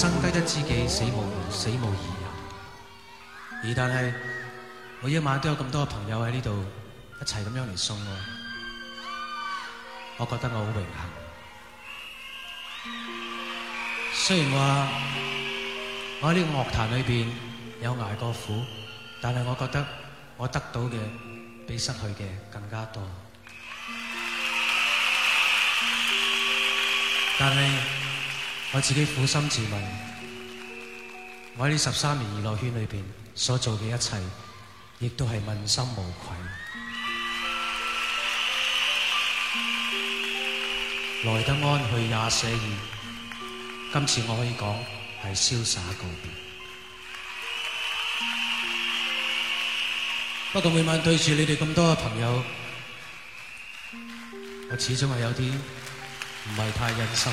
生低得知己，死無死無疑人。而但係，每一晚都有咁多個朋友喺呢度一齊咁樣嚟送我，我覺得我好榮幸。雖然話我喺呢個樂壇裏邊有捱過苦，但係我覺得我得到嘅比失去嘅更加多。但係。我自己苦心自問，我喺呢十三年娛樂圈裏面所做嘅一切，亦都係問心無愧。來得安，去也寫意。今次我可以講係瀟灑告別。不過每晚對住你哋咁多嘅朋友，我始終係有啲唔係太忍心。